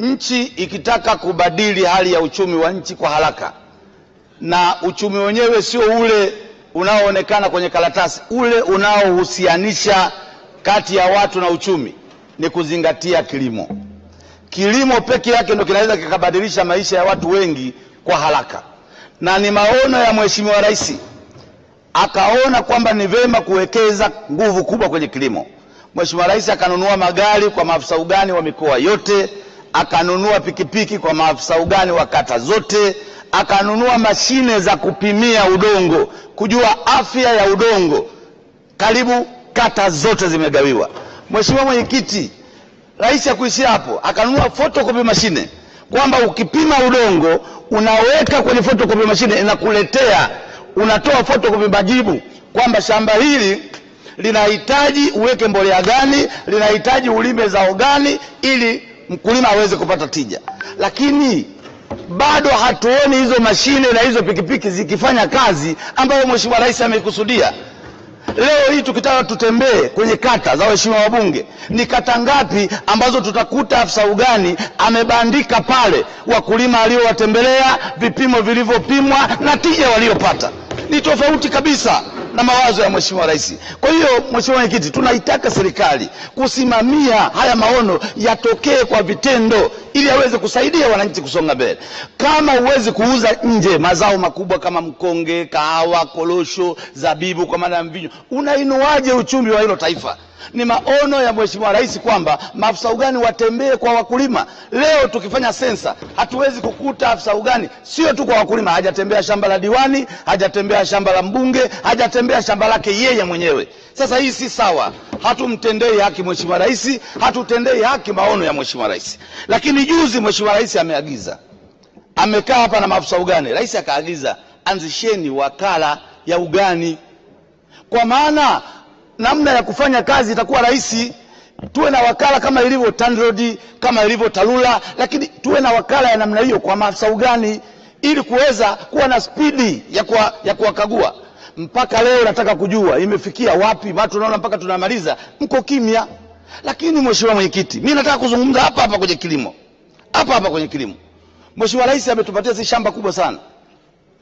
nchi ikitaka kubadili hali ya uchumi wa nchi kwa haraka, na uchumi wenyewe sio ule unaoonekana kwenye karatasi, ule unaohusianisha kati ya watu na uchumi, ni kuzingatia kilimo. Kilimo peke yake ndio kinaweza kikabadilisha maisha ya watu wengi kwa haraka, na ni maono ya Mheshimiwa Rais akaona kwamba ni vema kuwekeza nguvu kubwa kwenye kilimo. Mheshimiwa Rais akanunua magari kwa maafisa ugani wa mikoa yote akanunua pikipiki kwa maafisa ugani wa kata zote, akanunua mashine za kupimia udongo kujua afya ya udongo, karibu kata zote zimegawiwa. Mheshimiwa Mwenyekiti, rais hakuishia hapo, akanunua photocopy mashine kwamba ukipima udongo unaweka kwenye photocopy mashine inakuletea, unatoa photocopy majibu kwamba shamba hili linahitaji uweke mbolea gani, linahitaji ulime zao gani ili mkulima aweze kupata tija, lakini bado hatuoni hizo mashine na hizo pikipiki zikifanya kazi ambayo Mheshimiwa Rais ameikusudia. Leo hii tukitaka tutembee kwenye kata za waheshimiwa wabunge, ni kata ngapi ambazo tutakuta afisa ugani amebandika pale wakulima aliowatembelea, vipimo vilivyopimwa na tija waliopata? Ni tofauti kabisa na mawazo ya Mheshimiwa Rais. Kwa hiyo, Mheshimiwa Mwenyekiti, tunaitaka serikali kusimamia haya maono yatokee kwa vitendo, ili yaweze kusaidia wananchi kusonga mbele. Kama huwezi kuuza nje mazao makubwa kama mkonge, kahawa, korosho, zabibu, kwa maana ya mvinyo, unainuaje uchumi wa hilo taifa? Ni maono ya Mheshimiwa Rais kwamba maafisa ugani watembee kwa wakulima. Leo tukifanya sensa, hatuwezi kukuta afisa ugani sio tu kwa wakulima. Hajatembea shamba la diwani, hajatembea shamba la mbunge, hajatembea shamba lake yeye mwenyewe. Sasa hii si sawa, hatumtendei haki Mheshimiwa Rais, hatutendei haki maono ya Mheshimiwa Rais. Lakini juzi Mheshimiwa Rais ameagiza, amekaa hapa na maafisa ugani, rais akaagiza, anzisheni wakala ya ugani kwa maana namna ya kufanya kazi itakuwa rahisi. Tuwe na wakala kama ilivyo TANROADS, kama ilivyo TARURA, lakini tuwe na wakala ya namna hiyo kwa maafisa ugani ili kuweza kuwa na spidi ya kuwakagua ya mpaka leo nataka kujua imefikia wapi? watu naona mpaka tunamaliza mko kimya. Lakini mheshimiwa mwenyekiti, mimi nataka kuzungumza hapa hapa kwenye kilimo, hapa hapa kwenye kilimo. Mheshimiwa Rais ametupatia sisi shamba kubwa sana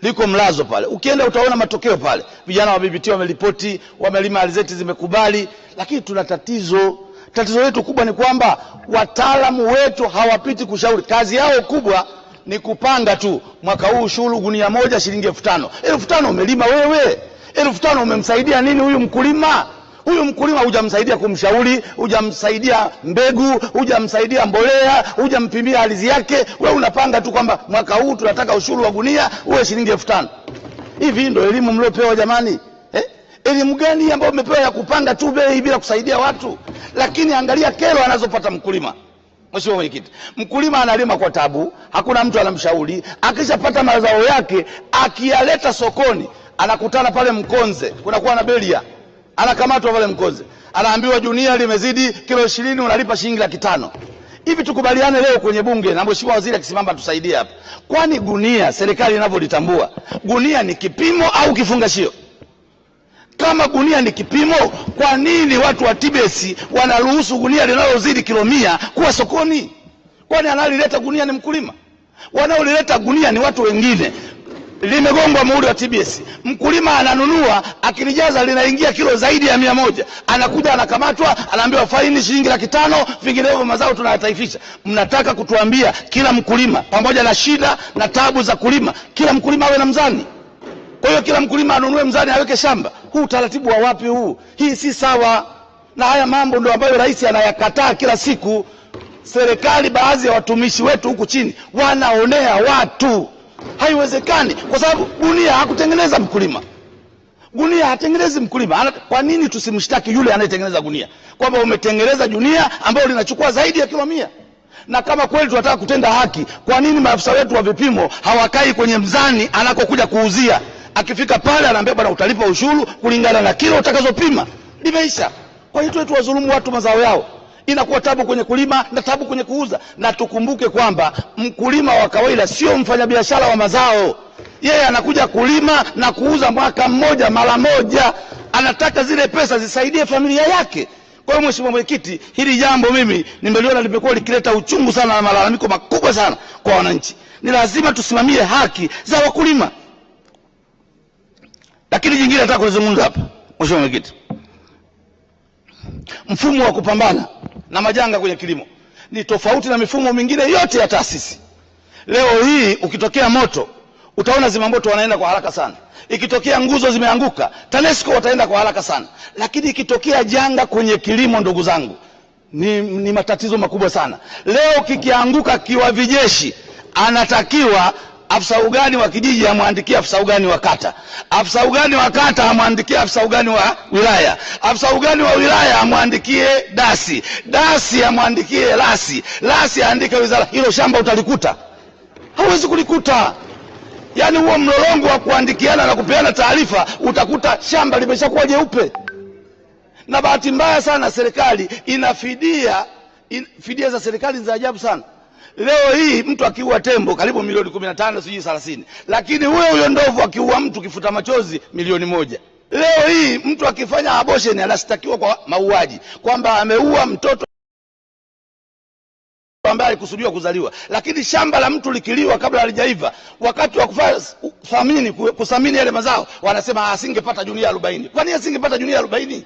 liko mlazo pale, ukienda utaona matokeo pale. Vijana wa BBT wameripoti, wamelima alizeti zimekubali, lakini tuna tatizo. Tatizo letu kubwa ni kwamba wataalamu wetu hawapiti kushauri, kazi yao kubwa ni kupanga tu. Mwaka huu shuru gunia moja shilingi elfu tano. Elfu tano umelima wewe, elfu tano umemsaidia nini huyu mkulima? Huyu mkulima hujamsaidia kumshauri, hujamsaidia mbegu, hujamsaidia mbolea, hujampimia ardhi yake. Wewe unapanga tu kwamba mwaka huu tunataka ushuru wa gunia uwe shilingi elfu tano. Hivi ndio elimu mliopewa jamani? Eh? Elimu gani ambayo umepewa ya kupanga tu bei bila kusaidia watu? Lakini angalia kero anazopata mkulima. Mheshimiwa Mwenyekiti, mkulima analima kwa tabu, hakuna mtu anamshauri. Akishapata mazao yake akiyaleta sokoni, anakutana pale Mkonze kunakuwa na belia anakamatwa pale Mkoze, anaambiwa junia limezidi kilo ishirini, unalipa shilingi laki tano. Hivi tukubaliane leo kwenye bunge na mheshimiwa waziri akisimama tusaidie hapa, kwani gunia serikali inavyolitambua gunia ni kipimo au kifungashio? Kama gunia ni kipimo, kwa nini watu wa TBS wanaruhusu gunia linalozidi kilo mia kuwa sokoni? Kwani analileta gunia ni mkulima? Wanaolileta gunia ni watu wengine limegongwa muhuri wa TBS, mkulima ananunua, akilijaza linaingia kilo zaidi ya mia moja, anakuja anakamatwa, anaambiwa faini shilingi laki tano, vinginevyo mazao tunayataifisha. Mnataka kutuambia kila mkulima pamoja na shida na tabu za kulima, kila mkulima awe na mzani? Kwa hiyo kila mkulima anunue mzani aweke shamba? Huu utaratibu wa wapi huu? Hii si sawa, na haya mambo ndio ambayo rais anayakataa kila siku. Serikali, baadhi ya watumishi wetu huku chini wanaonea watu Haiwezekani, kwa sababu gunia hakutengeneza mkulima, gunia hatengenezi mkulima. Kwa nini tusimshtaki yule anayetengeneza gunia kwamba umetengeneza gunia ambayo linachukua zaidi ya kilo mia? Na kama kweli tunataka kutenda haki, kwa nini maafisa wetu wa vipimo hawakai kwenye mzani anakokuja kuuzia? Akifika pale anaambia bwana, utalipa ushuru kulingana na kilo utakazopima. Limeisha. Kwa hiyo tuwe tuwadhulumu watu mazao yao inakuwa tabu kwenye kulima na tabu kwenye kuuza. Na tukumbuke kwamba mkulima wa kawaida sio mfanyabiashara wa mazao, yeye anakuja kulima na kuuza mwaka mmoja mara moja, anataka zile pesa zisaidie familia yake. Kwa hiyo Mheshimiwa Mwenyekiti, hili jambo mimi nimeliona limekuwa likileta uchungu sana na malalamiko makubwa sana kwa wananchi. Ni lazima tusimamie haki za wakulima. Lakini jingine nataka kulizungumza hapa, Mheshimiwa Mwenyekiti, mfumo wa kupambana na majanga kwenye kilimo ni tofauti na mifumo mingine yote ya taasisi. Leo hii ukitokea moto utaona zimamoto wanaenda kwa haraka sana, ikitokea nguzo zimeanguka TANESCO wataenda kwa haraka sana, lakini ikitokea janga kwenye kilimo, ndugu zangu, ni, ni matatizo makubwa sana. Leo kikianguka kiwa vijeshi anatakiwa afisa ugani wa kijiji amwandikia afisa ugani wa kata, afisa ugani wa kata amwandikia afisa ugani wa wilaya, afisa ugani wa wilaya amwandikie dasi, dasi amwandikie lasi, lasi aandike wizara. Hilo shamba utalikuta? Hauwezi kulikuta. Yaani huo mlolongo wa kuandikiana na kupeana taarifa, utakuta shamba limeshakuwa jeupe. Na bahati mbaya sana serikali inafidia in, fidia za serikali za ajabu sana. Leo hii mtu akiua tembo karibu milioni kumi na tano sijui thelathini, lakini huyo huyo ndovu akiua mtu kifuta machozi milioni moja. Leo hii mtu akifanya abosheni anashtakiwa kwa mauaji kwamba ameua mtoto ambaye alikusudiwa kuzaliwa, lakini shamba la mtu likiliwa kabla halijaiva, wakati wa kuthamini kuthamini yale mazao wanasema asingepata junia arobaini. Kwa nini asingepata junia arobaini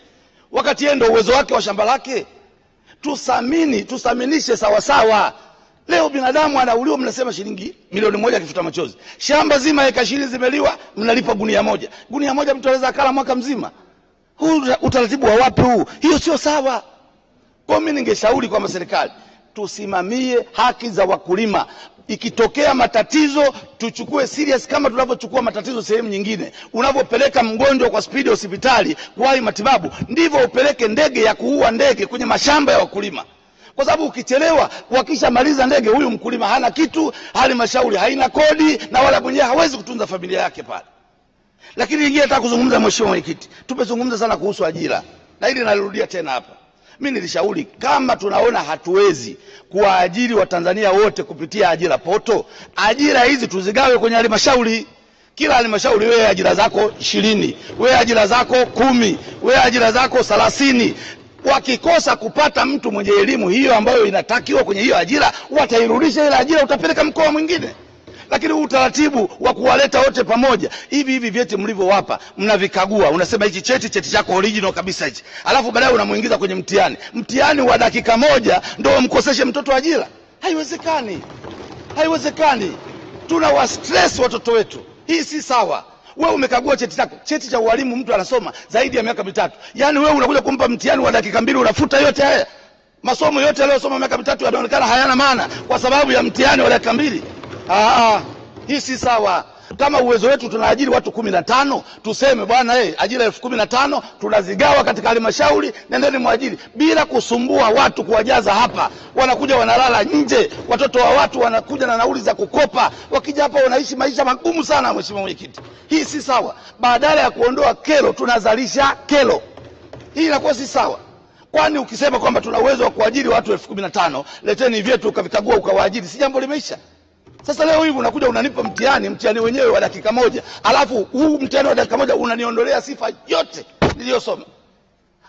wakati yeye ndio uwezo wake wa shamba lake? Tuthamini, tuthaminishe sawasawa. Leo binadamu anauliwa, mnasema shilingi milioni moja akifuta machozi. Shamba zima eka ishirini zimeliwa, mnalipa gunia moja. Gunia moja mtu anaweza akala mwaka mzima. Huu utaratibu wa wapi huu? Hiyo sio sawa. Kwa mimi ningeshauri kwamba serikali tusimamie haki za wakulima. Ikitokea matatizo tuchukue serious kama tunavyochukua matatizo sehemu nyingine. Unavyopeleka mgonjwa kwa spidi hospitali kwa matibabu, ndivyo upeleke ndege ya kuua ndege kwenye mashamba ya wakulima kwa sababu ukichelewa maliza ndege, huyu mkulima hana kitu, halmashauri haina kodi, na wala mwenyewe hawezi kutunza familia yake pale. Lakini ingie, nataka kuzungumza Mheshimiwa Mwenyekiti, tumezungumza sana kuhusu ajira na hili nalirudia tena hapa. Mimi nilishauri kama tunaona hatuwezi kuwaajiri Watanzania wote kupitia ajira poto, ajira hizi tuzigawe kwenye halmashauri kila halmashauri, wewe ajira zako ishirini, wewe ajira zako kumi, wewe ajira zako thelathini wakikosa kupata mtu mwenye elimu hiyo ambayo inatakiwa kwenye hiyo ajira, watairudisha ile ajira, utapeleka mkoa mwingine. Lakini utaratibu wa kuwaleta wote pamoja hivi hivi, vyeti mlivyowapa mnavikagua, unasema hichi cheti cheti chako original kabisa hichi, alafu baadaye unamuingiza kwenye mtihani, mtihani wa dakika moja ndio wamkoseshe mtoto ajira? Haiwezekani, haiwezekani. tuna stress watoto wetu, hii si sawa wewe umekagua cheti chako, cheti cha ualimu mtu anasoma zaidi ya miaka mitatu. Yaani wewe unakuja kumpa mtihani wa dakika mbili, unafuta yote haya masomo yote aliyosoma miaka mitatu yanaonekana hayana maana kwa sababu ya mtihani wa dakika mbili. Ah, ah. hii si sawa. Kama uwezo wetu tunaajiri watu kumi na tano, tuseme bwana e, ajira elfu kumi na tano tunazigawa katika halmashauri, nendeni mwajiri bila kusumbua watu kuwajaza hapa. Wanakuja wanalala nje, watoto wa watu wanakuja na nauli za kukopa, wakija hapa wanaishi maisha magumu sana. Mheshimiwa Mwenyekiti, hii si sawa. Badala ya kuondoa kero tunazalisha kero. Hii inakuwa si sawa Kwani ukisema kwamba tuna uwezo wa kuajiri watu elfu kumi na tano leteni vyetu ukavikagua ukawaajiri, si jambo limeisha? Sasa leo hii unakuja unanipa mtihani, mtihani wenyewe wa dakika moja, alafu huu mtihani wa dakika moja unaniondolea sifa yote niliyosoma,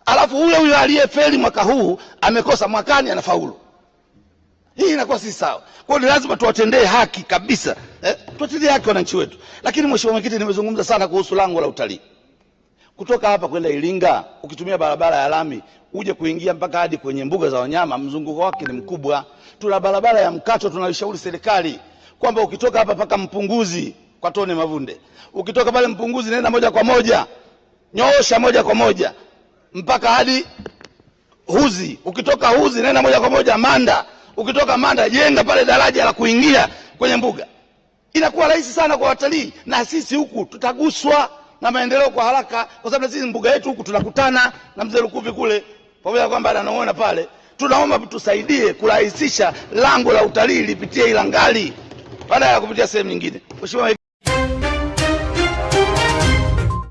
alafu huyo huyo aliyefeli mwaka huu amekosa mwakani anafaulu. Hii inakuwa si sawa. Kwa hiyo lazima tuwatendee haki kabisa, eh, tuwatendee haki wananchi wetu. Lakini mheshimiwa mwenyekiti, nimezungumza sana kuhusu lango la utalii kutoka hapa kwenda Iringa ukitumia barabara ya lami uje kuingia mpaka hadi kwenye mbuga za wanyama, mzunguko wake ni mkubwa. Tuna barabara ya mkato, tunaishauri serikali kwamba ukitoka hapa mpaka Mpunguzi kwa tone Mavunde, ukitoka pale Mpunguzi naenda moja kwa moja nyoosha moja kwa moja mpaka hadi Huzi, ukitoka Huzi naenda moja kwa moja Manda, ukitoka Manda jenga pale daraja la kuingia kwenye mbuga. Inakuwa rahisi sana kwa watalii, na sisi huku tutaguswa na maendeleo kwa haraka, kwa sababu sisi mbuga yetu huku tunakutana na mzee Lukuvi kule, pamoja na kwamba anaona pale tunaomba tusaidie kurahisisha lango la utalii lipitie Ilangali baada ya kupitia sehemu nyingine. Mheshimiwa